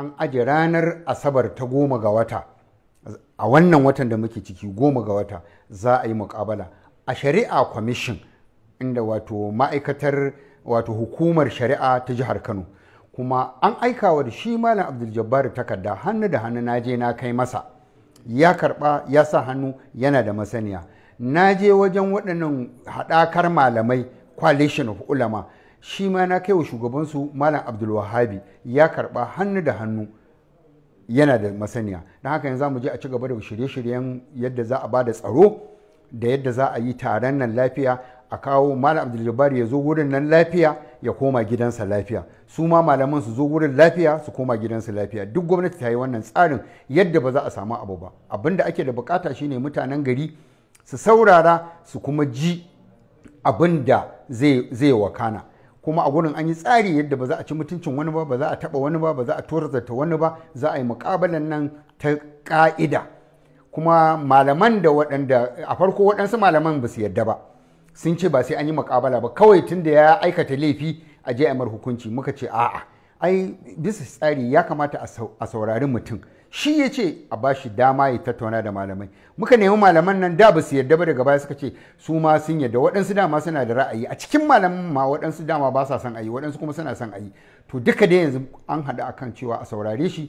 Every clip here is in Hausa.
an ajiye ranar asabar ta goma ga wata a wannan watan da muke ciki goma ga wata za a yi muƙabala a shari'a kwamishin inda wato ma'aikatar wato hukumar shari'a ta jihar kano kuma an aikawa da shi malam abdul jabbar takarda hannu da hannu na je na kai masa ya karba ya sa hannu yana da masaniya na je wajen waɗannan haɗakar malamai coalition of ulama shi ma na kai wa shugabansu malam abdulwahabi ya karba hannu da hannu yana da masaniya don haka yanzu mu je a ci gaba da shirye-shiryen yadda za a ba da tsaro da yadda za a yi taron nan lafiya a kawo malam abdulwahabi ya zo wurin nan lafiya ya koma gidansa lafiya su ma malaman su zo wurin lafiya su koma gidansa lafiya duk gwamnati ta yi wannan tsarin yadda ba za a samu abu ba abin da ake da bukata shine mutanen gari su saurara su kuma ji abin da zai wakana kuma a gurin an yi tsari yadda ba za a ci mutuncin wani ba ba za a taba wani ba ba za a torzata wani ba za a yi mukabalan nan ta ka'ida. kuma malaman da waɗanda a farko waɗansu malaman ba su yadda ba sun ce ba sai an yi mukabala ba kawai tun da ya aikata laifi a je a hukunci muka ce a'a ai bisa tsari ya kamata a saurari mutum shi ya ce a ba shi dama ya tattauna da malamai muka nemi malaman nan da ba su yarda ba daga baya suka ce su ma sun yarda waɗansu dama suna da ra'ayi a cikin malaman ma waɗansu dama ba sa son ayi waɗansu kuma suna son ayi to duka da yanzu an haɗu a kan cewa a saurare shi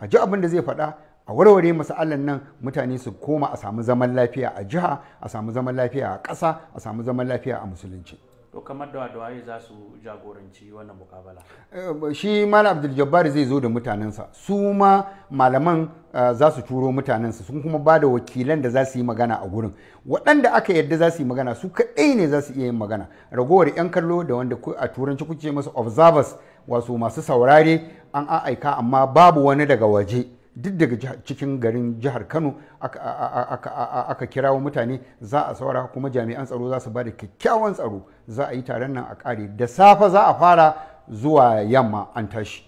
a ji abin da zai faɗa a warware masallan nan mutane su koma a samu zaman lafiya a jiha a samu zaman lafiya a ƙasa a samu zaman lafiya a musulunci to kamar da waye za su jagoranci wannan mukabala eh, shi malam abdul zai zo da mutanensa su ma malaman eh, za su turo mutanensa sun kuma ba da wakilan da za su yi magana a gurin waɗanda aka yadda za su yi magana su kaɗai ne za su iya yin magana ragowar 'yan kallo da wanda a turanci kuke masa observers wasu masu saurare an aika amma babu wani daga waje duk daga cikin garin jihar kano aka kirawo mutane za a saura kuma jami'an tsaro za su ba da kyakkyawan tsaro za a yi taron nan a kare da safe za a fara zuwa yamma an tashi